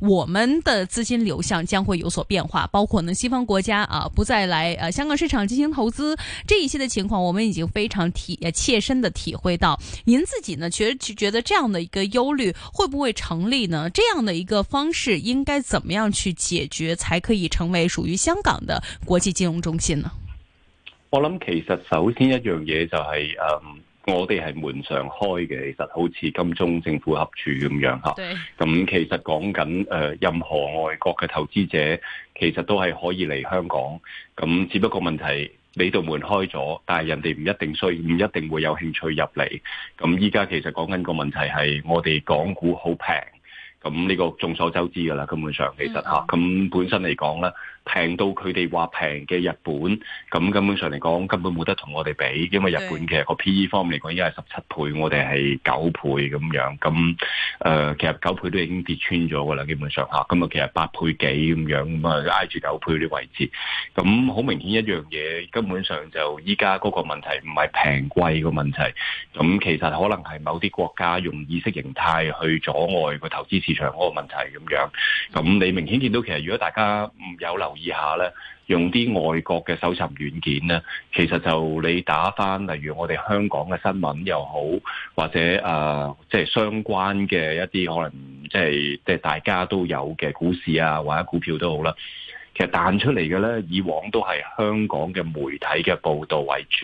我們的資金流向將會有所變化，包括呢，西方國家啊不再來呃香港市場進行投資這一些的情況，我們已經非常體切身的體會到。您自己呢，確實覺得這樣的一個憂慮會不會成立呢？這樣的一個方式應該怎麼樣去解決，才可以成為屬於香港的國際金融中心呢？我諗其實首先一樣嘢就係、是、誒。嗯我哋係門常開嘅，其實好似金鐘政府合署咁樣嚇。咁對其實講緊誒，任何外國嘅投資者，其實都係可以嚟香港。咁只不過問題，你度門開咗，但係人哋唔一定需要，唔一定會有興趣入嚟。咁依家其實講緊個問題係，我哋港股好平。咁呢個眾所周知㗎啦，根本上其實嚇。咁、嗯、本身嚟講咧。平到佢哋話平嘅日本，咁根本上嚟講根本冇得同我哋比，因為日本嘅個 P/E 方面嚟講已經係十七倍，我哋係九倍咁樣。咁誒、呃，其實九倍都已經跌穿咗㗎喇，基本上嚇。咁啊，其實八倍幾咁樣，咁啊挨住九倍啲位置。咁好明顯一樣嘢，根本上就依家嗰個問題唔係平貴個問題。咁其實可能係某啲國家用意識形態去阻礙個投資市場嗰個問題咁樣。咁你明顯見到其實如果大家唔有流留意下咧，用啲外國嘅搜尋軟件咧，其實就你打翻例如我哋香港嘅新聞又好，或者誒，呃，即係相關嘅一啲可能，即係即係大家都有嘅股市啊，或者股票都好啦。其實彈出嚟嘅咧，以往都係香港嘅媒體嘅報道為主。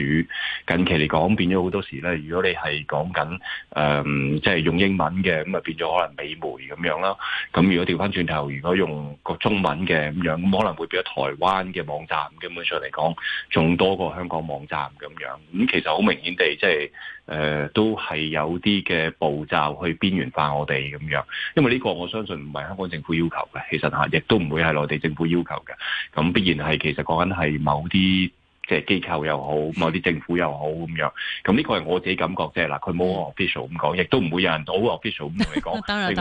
近期嚟講，變咗好多時咧。如果你係講緊誒，即係用英文嘅，咁啊變咗可能美媒咁樣啦。咁如果調返轉頭，如果用個中文嘅咁樣，咁可能會變咗台灣嘅網站。根本上嚟講，仲多過香港網站咁樣。咁其實好明顯地，即係。誒、呃、都係有啲嘅步驟去邊緣化我哋咁樣，因為呢個我相信唔係香港政府要求嘅，其實嚇亦都唔會係內地政府要求嘅，咁必然係其實講緊係某啲即係機構又好，某啲政府又好咁樣，咁呢個係我自己感覺即係嗱，佢冇 official 咁講，亦都唔會有人好 official 咁同你講，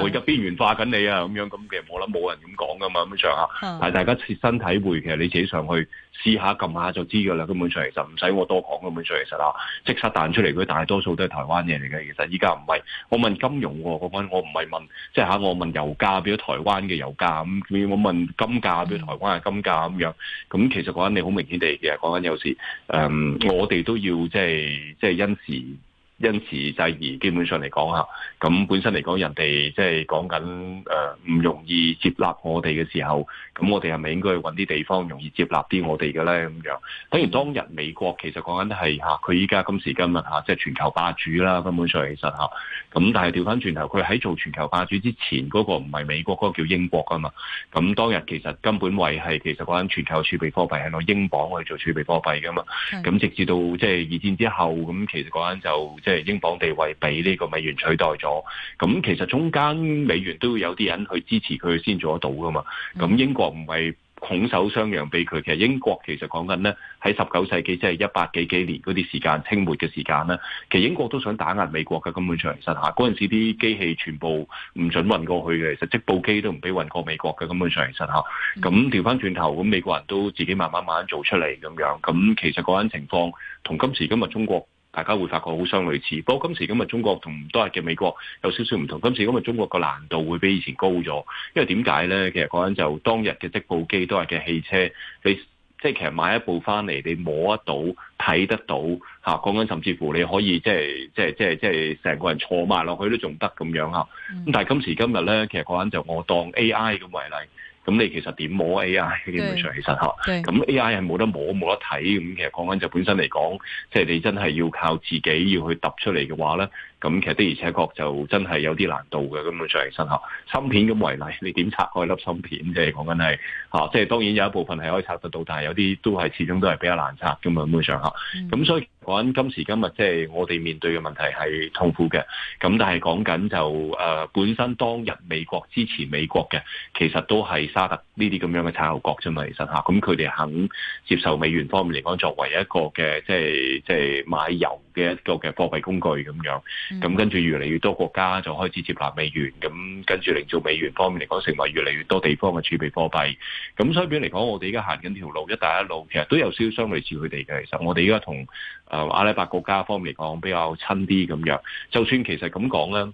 我而家 邊緣化緊你啊咁樣，咁其實我諗冇人咁講噶嘛咁樣上下，但係大家切身體會其實你自己上去。試下撳下就知㗎喇，根本上其實唔使我多講。根本上其實啊，即刻彈出嚟，佢大多數都係台灣嘢嚟嘅。其實依家唔係我問金融喎、啊、嗰我唔係問即係吓我問油價，比如台灣嘅油價咁，我問金價，比如台灣嘅金價咁樣。咁其實講緊你好明顯地其實講緊有時，嗯，我哋都要即係即係因時。因時制宜，基本上嚟講嚇，咁本身嚟講，人哋即係講緊誒唔容易接納我哋嘅時候，咁我哋係咪應該去揾啲地方容易接納啲我哋嘅咧？咁樣，當然，當日美國其實講緊係嚇，佢依家今時今日嚇，即係全球霸主啦。根本上其實嚇，咁但係調翻轉頭，佢喺做全球霸主之前，嗰個唔係美國，嗰個叫英國啊嘛。咁當日其實根本位係其實講緊全球儲備貨幣係攞英鎊去做儲備貨幣嘅嘛。咁的直至到即係二戰之後，咁其實講緊就。即係英鎊地位俾呢個美元取代咗，咁其實中間美元都要有啲人去支持佢先做得到噶嘛。咁英國唔係拱手相讓俾佢，其實英國其實講緊咧喺十九世紀即係一百幾幾年嗰啲時間，清末嘅時間咧，其實英國都想打壓美國嘅，根本上其實吓，嗰陣時啲機器全部唔準運過去嘅，其實織布機都唔俾運過美國嘅，根本上其實吓。咁調翻轉頭，咁美國人都自己慢慢慢慢做出嚟咁樣，咁其實嗰陣情況同今時今日中國。大家會發覺好相類似，不過今時今日中國同當日嘅美國有少少唔同。今時今日中國個難度會比以前高咗，因為點解咧？其實講緊就當日嘅織布機，當日嘅汽車，你即係其實買一部翻嚟，你摸，摸得到、睇得到嚇。講緊甚至乎你可以即係即係即係即係成個人坐埋落去都仲得咁樣啊！咁、嗯、但係今時今日咧，其實講緊就我當 AI 咁為例。咁你其實點摸 AI 基本上其實嚇，咁 AI 係冇得摸、冇得睇咁，其實講緊就本身嚟講，即係你真係要靠自己要去揼出嚟嘅話咧，咁其實的而且確就真係有啲難度嘅，基本上其實嚇，芯片咁為例，你點拆開粒芯片，即係講緊係嚇，即係當然有一部分係可以拆得到，但係有啲都係始終都係比較難拆嘅嘛，基本上嚇，咁所以。講今時今日，即、就、係、是、我哋面對嘅問題係痛苦嘅。咁但係講緊就誒、呃，本身當日美國支持美國嘅，其實都係沙特呢啲咁樣嘅產油國啫嘛。其實嚇，咁佢哋肯接受美元方面嚟講作為一個嘅，即係即係買油嘅一個嘅貨幣工具咁樣。咁、嗯、跟住越嚟越多國家就開始接納美元，咁跟住令到美元方面嚟講成為越嚟越多地方嘅儲備貨幣。咁所以嚟講，我哋而家行緊條路，一帶一路其實都有少少相類似佢哋嘅。其實我哋而家同。誒、呃、阿拉伯國家方面嚟講比較親啲咁樣，就算其實咁講咧，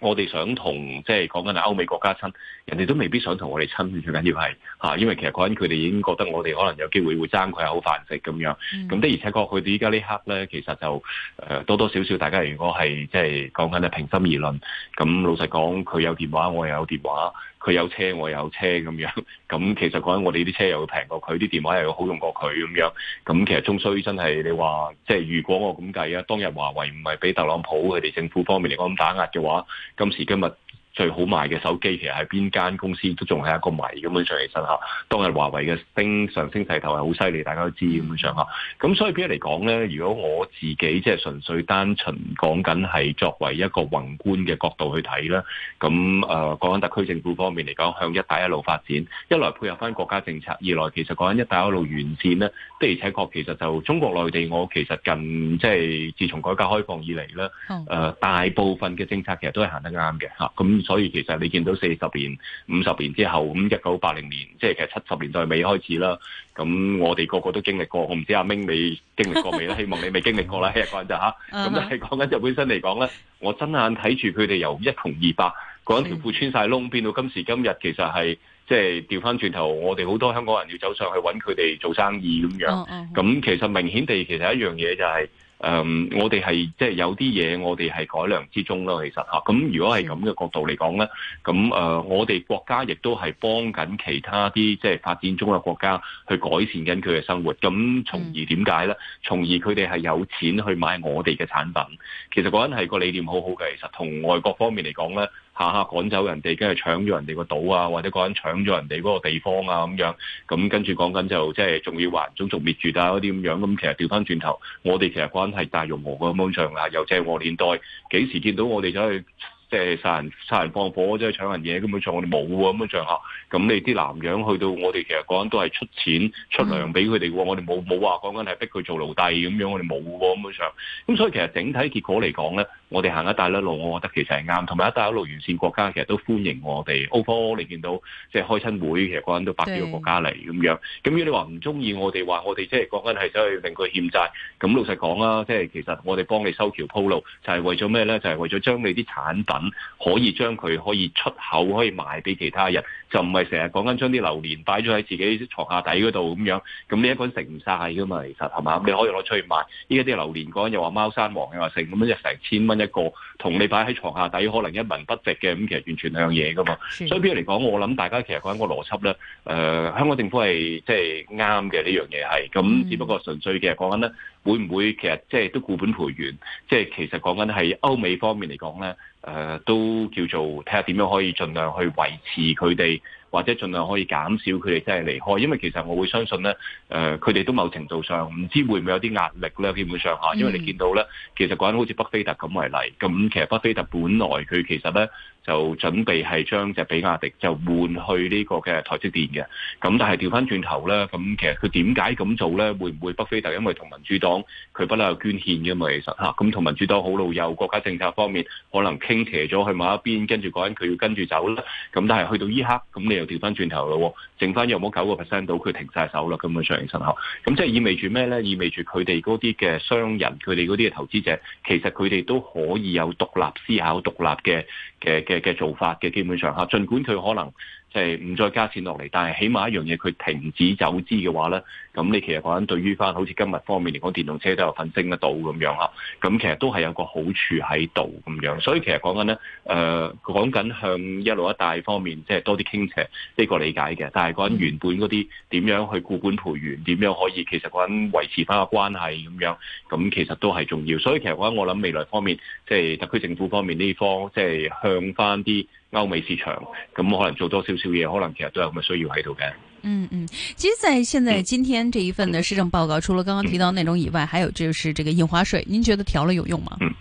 我哋想同即係講緊係歐美國家親，人哋都未必想同我哋親，最緊要係嚇，因為其實嗰陣佢哋已經覺得我哋可能有機會會爭佢口飯食咁樣。咁、嗯、的而且確，佢哋依家呢刻咧，其實就誒、呃、多多少少，大家如果係即係講緊係平心而論，咁老實講，佢有電話，我又有電話。佢有車，我有車咁樣，咁其實講緊我哋啲車又要平過佢，啲電話又，又好用過佢咁樣，咁其實終須真係你話，即係如果我咁計啊，當日華為唔係俾特朗普佢哋政府方面嚟講咁打壓嘅話，今時今日。最好賣嘅手機其實係邊間公司都仲係一個謎，咁樣上起身嚇。當日華為嘅升上升勢頭係好犀利，大家都知咁樣上下咁，所以比較嚟講咧，如果我自己即係純粹單純講緊係作為一個宏觀嘅角度去睇啦，咁誒講緊特區政府方面嚟講，向一帶一路發展，一來配合返國家政策，二來其實講緊一帶一路完善咧，的而且確其實就中國內地我其實近即係、就是、自從改革開放以嚟咧，誒的、呃、大部分嘅政策其實都係行得啱嘅嚇，咁。所以其實你見到四十年、五十年之後，咁一九八零年，即係其實七十年代尾開始啦。咁我哋個個都經歷過，我唔知阿明你經歷過未啦。 希望你未經歷過啦，一日、就是 uh huh. 講就吓，咁就係講緊日本新嚟講咧，我親眼睇住佢哋由一窮二白，嗰、那個、條褲穿晒窿，uh huh. 變到今時今日，其實係即係調翻轉頭，我哋好多香港人要走上去揾佢哋做生意咁樣。咁、uh huh. 其實明顯地，其實一樣嘢就係、是。誒，um, 我哋係即係有啲嘢，我哋係改良之中咯，其實嚇。咁、啊、如果係咁嘅角度嚟講咧，咁、啊、誒，我哋國家亦都係幫緊其他啲即係發展中嘅國家去改善緊佢嘅生活，咁從而點解咧？從而佢哋係有錢去買我哋嘅產品，其實嗰陣係個理念好好嘅，其實同外國方面嚟講咧。下下趕走人哋，跟住搶咗人哋個島啊，或者講緊搶咗人哋嗰個地方啊咁樣。咁跟住講緊就即係仲要話種族滅絕啊嗰啲咁樣。咁其實調翻轉頭，我哋其實講緊係大融合咁樣上啊，由鄭和年代幾時見到我哋走去即係殺人、殺人放火，即係搶人嘢咁樣上，我哋冇喎咁樣上下，咁你啲南洋去到，我哋其實講緊都係出錢出糧俾佢哋喎。我哋冇冇，話講緊係逼佢做奴隸咁樣。我哋冇喎咁樣上。咁所以其實整體結果嚟講咧。我哋行一帶一路，我覺得其實係啱，同埋一帶一路沿線國家，其實都歡迎我哋。歐方你見到即係開親會，其實個人都百幾個國家嚟咁樣。咁如果你話唔中意我哋話，我哋即係講緊係想去令佢欠債，咁老實講啦，即係其實我哋幫你修橋鋪路，就係、是、為咗咩咧？就係、是、為咗將你啲產品可以將佢可以出口，可以賣俾其他人，就唔係成日講緊將啲榴蓮擺咗喺自己床下底嗰度咁樣。咁呢一個人食唔晒噶嘛？其實係嘛？你可以攞出去賣。依家啲榴蓮講緊又話貓山王，又話成咁樣，即成千蚊。一個同你擺喺床下底可能一文不值嘅，咁其實完全兩樣嘢噶嘛。的所以，譬如嚟講，我諗大家其實講緊個邏輯咧，誒、呃，香港政府係即係啱嘅呢樣嘢係，咁、嗯、只不過純粹其實講緊咧，會唔會其實即係都固本培元？即、就、係、是、其實講緊係歐美方面嚟講咧。誒、呃、都叫做睇下點樣可以盡量去維持佢哋，或者盡量可以減少佢哋真係離開。因為其實我會相信咧，誒佢哋都某程度上唔知會唔會有啲壓力咧。基本上嚇，因為你見到咧，嗯、其實講緊好似北非特咁為例，咁其實北非特本來佢其實咧。就準備係將隻比亞迪，就換去呢個嘅台積電嘅。咁但係調翻轉頭咧，咁其實佢點解咁做咧？會唔會北非特因為同民主黨佢不嬲有捐獻嘅嘛？其實吓，咁同民主黨好老友，國家政策方面可能傾斜咗去某一邊，跟住講佢要跟住走啦。咁但係去到依刻，咁你又調翻轉頭咯，剩翻有冇九個 percent 到佢停晒手啦？咁嘅上型身口，咁即係意味住咩咧？意味住佢哋嗰啲嘅商人，佢哋嗰啲嘅投資者，其實佢哋都可以有獨立思考、獨立嘅嘅嘅。嘅做法嘅基本上吓，盡管佢可能。即係唔再加錢落嚟，但係起碼一樣嘢，佢停止走資嘅話咧，咁你其實講緊對於翻好似今日方面嚟講，電動車都有份升得到咁樣嚇，咁其實都係有個好處喺度咁樣。所以其實講緊咧，誒講緊向一路一帶方面，即係多啲傾斜呢、這個理解嘅。但係講緊原本嗰啲點樣去固本培元，點樣可以其實講緊維持翻個關係咁樣，咁其實都係重要。所以其實講緊我諗未來方面，即係特區政府方面呢方面，即係向翻啲。歐美市場咁可能做多少少嘢，可能其實都有咁嘅需要喺度嘅。嗯嗯，其實在現在今天這一份的施政報告，嗯、除了剛剛提到內容以外，嗯、還有就是這個印花稅，您覺得調了有用嗎？嗯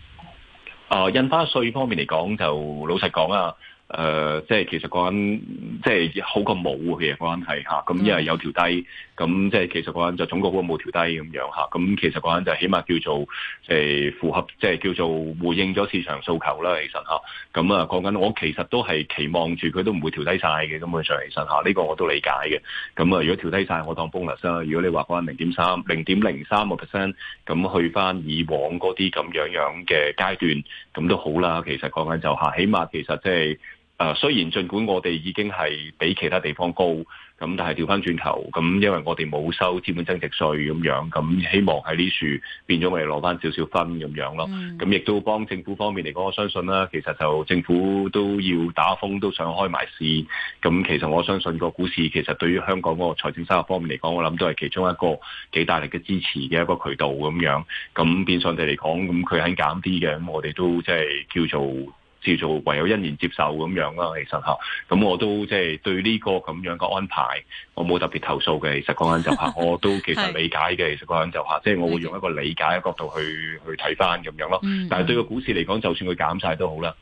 呃、印花稅方面嚟講，就老實講、呃、啊，誒、嗯，即係其實講緊即係好過冇嘅關係吓，咁因為有調低。咁即係其實講緊就總局嗰個冇調低咁樣嚇，咁其實講緊就起碼叫做誒、呃、符合，即係叫做回應咗市場訴求啦。其實嚇，咁啊、嗯、講緊我其實都係期望住佢都唔會調低晒嘅，咁本上嚟身嚇呢個我都理解嘅。咁啊，如果調低晒，我當 bonus 啦、啊。如果你話講緊零點三、零點零三個 percent，咁去翻以往嗰啲咁樣樣嘅階段，咁都好啦。其實講緊就嚇、啊，起碼其實即、就、係、是。誒雖然儘管我哋已經係比其他地方高，咁但係調翻轉頭，咁因為我哋冇收資本增值稅咁樣，咁希望喺呢處變咗我哋攞翻少少分咁樣咯。咁亦都幫政府方面嚟講，我相信啦，其實就政府都要打風都想開埋市。咁其實我相信個股市其實對於香港嗰個財政收入方面嚟講，我諗都係其中一個幾大力嘅支持嘅一個渠道咁樣。咁變相地嚟講，咁佢肯減啲嘅，咁我哋都即係叫做。叫做唯有欣然接受咁樣啦，其實嚇，咁我都即係、就是、對呢個咁樣嘅安排，我冇特別投訴嘅。其實講緊就嚇，那個、下 我都其實理解嘅。 其實講緊就嚇，即係我會用一個理解嘅角度去去睇翻咁樣咯。但係對個股市嚟講， 就算佢減晒都好啦，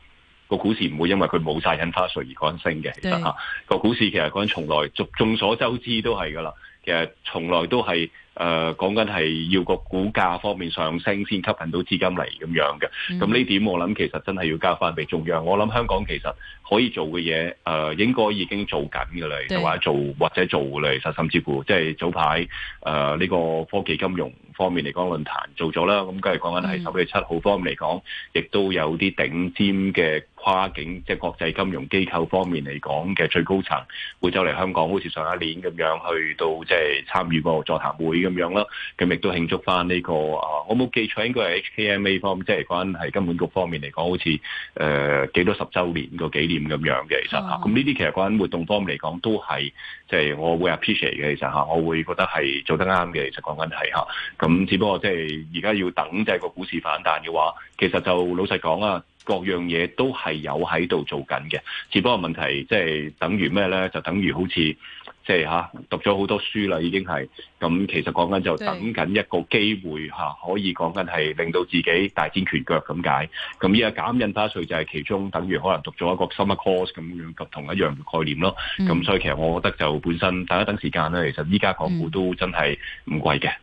個股市唔會因為佢冇晒印花稅而講升嘅。其實嚇個對、啊、股市其實講緊從來，眾眾所周知都係噶啦，其實從來都係。誒，講緊係要個股價方面上升先吸引到資金嚟咁樣嘅。咁呢、嗯、點我諗其實真係要交翻俾中央。我諗香港其實可以做嘅嘢，誒、呃、應該已經做緊嘅啦，同埋做或者做其實甚至乎，即係早排誒呢個科技金融方面嚟講論壇做咗啦。咁、嗯、今、嗯、日講緊係十一月七號方面嚟講，亦都有啲頂尖嘅跨境即係國際金融機構方面嚟講嘅最高層會走嚟香港，好似上一年咁樣去到即係參與個座談會。咁樣啦，咁亦都慶祝翻呢、這個啊，我冇記錯應該係 HKMA 方面，即係關係金管局方面嚟講，好似誒、呃、幾多十週年個紀念咁樣嘅，其實嚇。咁呢啲其實關活動方面嚟講，都係即係我會 appreciate 嘅，其實嚇，我會覺得係做得啱嘅，其實講緊係嚇。咁只不過即係而家要等，即係個股市反彈嘅話，其實就老實講啊，各樣嘢都係有喺度做緊嘅，只不過問題即係等於咩咧？就等於好似。即係吓，讀咗好多書啦，已經係咁、嗯。其實講緊就等緊一個機會吓對、啊，可以講緊係令到自己大展拳腳咁解。咁而家減印花稅就係其中，等於可能讀咗一個 summer course 咁樣及同一樣嘅概念咯。咁、嗯、所以其實我覺得就本身大家等時間咧，其實依家港股都真係唔貴嘅。嗯嗯。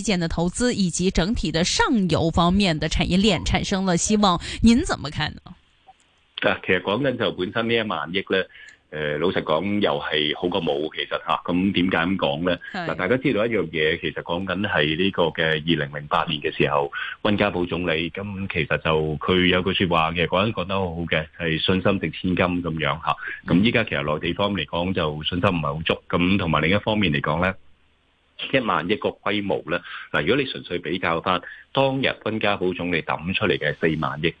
建嘅投資以及整體嘅上游方面嘅產業鏈產生了希望，您怎麼看呢？啊、呃，其實講緊就本身呢一萬億咧，誒的，老實講又係好過冇，其實吓。咁點解咁講咧？嗱，大家知道一樣嘢，其實講緊係呢個嘅二零零八年嘅時候，溫家寶總理咁，其實就佢有句話，說話嘅，講講得好好嘅，係信心值千金咁樣吓。咁依家其實內地方面嚟講就信心唔係好足，咁同埋另一方面嚟講咧。一萬億個規模咧，嗱，如果你純粹比較翻當日溫家寶總理抌出嚟嘅四萬億。.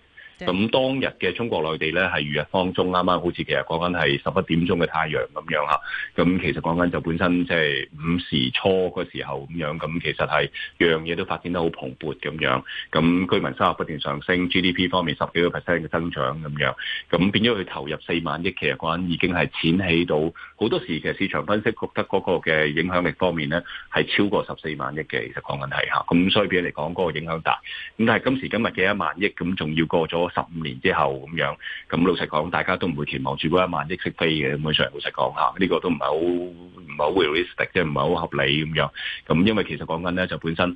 咁當日嘅中國內地咧，係如日當中，啱啱好似其實講緊係十一點鐘嘅太陽咁樣嚇，咁其實講緊就本身即係午時初嗰時候咁樣，咁其實係樣嘢都發展得好蓬勃咁樣，咁居民收入不斷上升，GDP 方面十幾個 percent 嘅增長咁樣，咁變咗佢投入四萬億，其實講緊已經係濾起到好多時，其實市場分析覺得嗰個嘅影響力方面咧，係超過十四萬億嘅，其實講緊係嚇，咁所以俾你哋講嗰個影響大，咁但係今時今日嘅一萬億咁，仲要過咗。十五年之後咁樣，咁老實講，大家都唔會期望住嗰一萬億飛嘅，咁樣上嚟老實講嚇，呢、呢個都唔係好唔係好 realistic，即係唔係好合理咁樣。咁因為其實講緊咧，就本身誒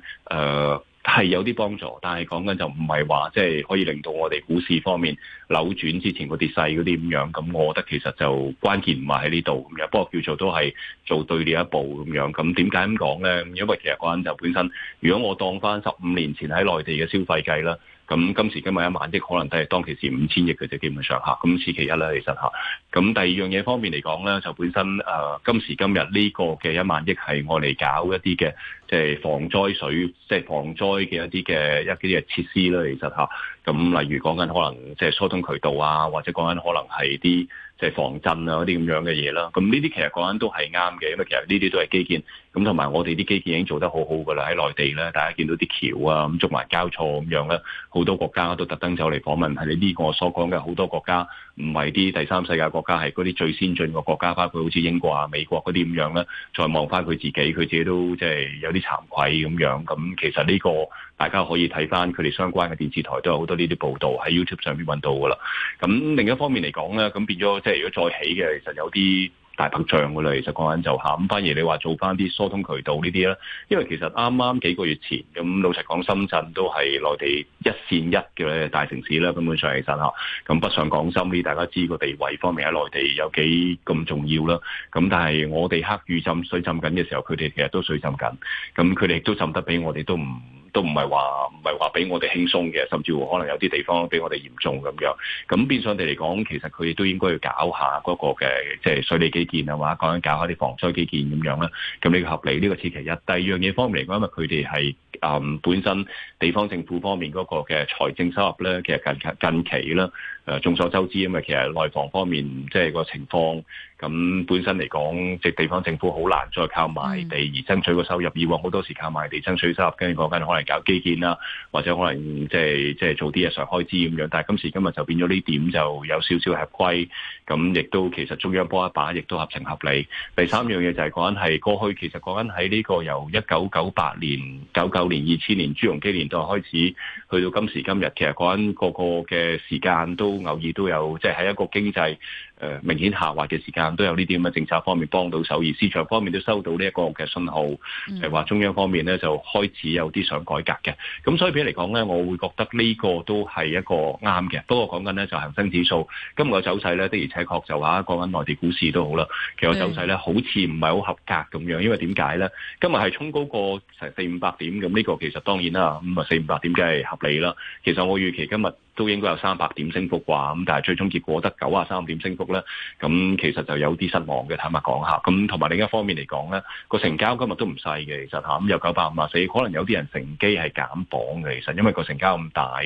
係、呃、有啲幫助，但係講緊就唔係話即係可以令到我哋股市方面扭轉之前個跌勢嗰啲咁樣。咁我覺得其實就關鍵唔係喺呢度咁樣，不過叫做都係做對呢一步咁樣。咁點解咁講咧？因為其實講緊就本身，如果我當翻十五年前喺內地嘅消費計啦。咁今時今日一萬億可能都係當其時五千億嘅啫，基本上嚇，咁此其一啦。其實嚇，咁第二樣嘢方面嚟講咧，就本身誒、呃、今時今日呢個嘅一萬億係我嚟搞一啲嘅，即係防災水，即係防災嘅一啲嘅一啲嘅設施啦。其實嚇，咁例如講緊可能即係疏通渠道啊，或者講緊可能係啲即係防震啊嗰啲咁樣嘅嘢啦。咁呢啲其實講緊都係啱嘅，因為其實呢啲都係基建。咁同埋我哋啲基建已經做得好好噶啦，喺內地咧，大家見到啲橋啊，咁捉埋交錯咁樣咧，好多國家都特登走嚟訪問。係你呢個所講嘅好多國家，唔係啲第三世界國家，係嗰啲最先進嘅國家，包括好似英國啊、美國嗰啲咁樣咧，再望翻佢自己，佢自己都即係有啲慚愧咁樣。咁其實呢個大家可以睇翻佢哋相關嘅電視台都有好多呢啲報道，喺 YouTube 上邊揾到噶啦。咁另一方面嚟講咧，咁變咗即係如果再起嘅，其實有啲。大擴張㗎啦，其實講緊就下，咁反而你話做翻啲疏通渠道呢啲啦，因為其實啱啱幾個月前，咁老實講，深圳都係內地一線一嘅大城市啦，根本上其實嚇，咁北上廣深呢，大家知個地位方面喺內地有幾咁重要啦，咁但係我哋黑雨浸水浸緊嘅時候，佢哋其實都水浸緊，咁佢哋都浸得比我哋都唔。都唔係話，唔係話俾我哋輕鬆嘅，甚至乎可能有啲地方俾我哋嚴重咁樣。咁變相地嚟講，其實佢哋都應該要搞下嗰個嘅，即係水利基建啊嘛，講緊搞下啲防災基建咁樣啦。咁呢個合理，呢個次其一。第二樣嘢方面嚟講，因為佢哋係誒本身地方政府方面嗰個嘅財政收入咧，其實近近近期啦。誒，眾所周知，因為，其實內房方面，即係個情況，咁本身嚟講，即係地方政府好難再靠賣地而爭取個收入，以往好多時靠賣地爭取收入，跟住講緊可能搞基建啦，或者可能即係即係做啲日常開支咁樣。但係今時今日就變咗呢點，就有少少合規。咁亦都其實中央幫一把，亦都合情合理。第三樣嘢就係講緊係過去，其實講緊喺呢個由一九九八年、九九年、二千年、朱鎔基年代開始，去到今時今日，其實講緊個個嘅時間都。偶爾都有，即係喺一個經濟誒、呃、明顯下滑嘅時間，都有呢啲咁嘅政策方面幫到手。而市場方面都收到呢一個嘅信號，係話、mm. 中央方面咧就開始有啲想改革嘅。咁所以比嚟講咧，我會覺得呢個都係一個啱嘅。不過講緊咧就是、恒生指數今日嘅走勢咧，的而且確就話講緊內地股市都好啦。其實走勢咧、mm. 好似唔係好合格咁樣，因為點解咧？今日係衝高過成四五百點咁，呢個其實當然啦。咁啊四五百點梗係合理啦。其實我預期今日。都應該有三百點升幅啩，咁、嗯、但係最終結果得九啊三點升幅咧，咁、嗯、其實就有啲失望嘅，坦白講下咁。同埋另一方面嚟講咧，個成交今日都唔細嘅，其實嚇，咁、嗯、有九百五啊四，可能有啲人乘機係減磅嘅，其實，因為個成交咁大啊，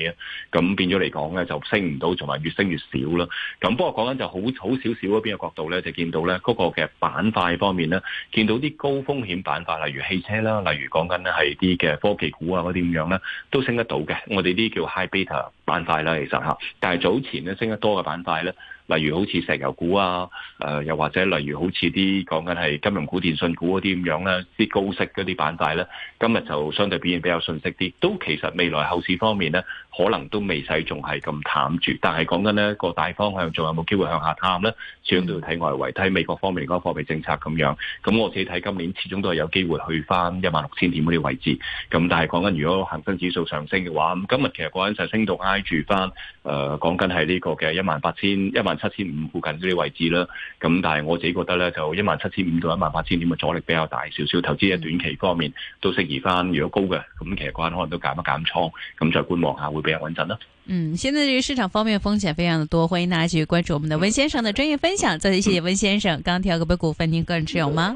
咁、嗯、變咗嚟講咧就升唔到，同埋越升越少啦。咁、嗯、不過講緊就好好少少嗰邊嘅角度咧，就見到咧嗰、嗰個嘅板塊方面咧，見到啲高風險板塊，例如汽車啦，例如講緊咧係啲嘅科技股啊嗰啲咁樣咧，都升得到嘅。我哋啲叫 high beta 板塊。係啦，其實吓，但係早前咧升得多嘅板塊咧。例如好似石油股啊，誒、呃、又或者例如好似啲講緊係金融股、電信股嗰啲咁樣咧，啲高息嗰啲板塊咧，今日就相對表現比較遜色啲。都其實未來後市方面咧，可能都未使仲係咁淡住，但係講緊呢個大方向仲有冇機會向下探咧，始終都要睇外圍睇美國方面嗰個貨幣政策咁樣。咁我自己睇今年始終都係有機會去翻一萬六千點嗰啲位置。咁但係講緊如果恒生指數上升嘅話，咁今日其實嗰陣上升到挨住翻誒講緊係呢個嘅一萬八千一萬七千五附近呢啲位置啦，咁但係我自己覺得咧，就一萬七千五到一萬八千點嘅阻力比較大少少，投資喺短期方面都適宜翻，如果高嘅，咁其實關可能都減一減倉，咁再觀望下會比較穩陣啦。嗯，現在呢個市場方面風險非常的多，歡迎大家繼續關注我們的溫先生的專業分享。再次謝謝溫先生，鋼鐵個股份你個人持有嗎？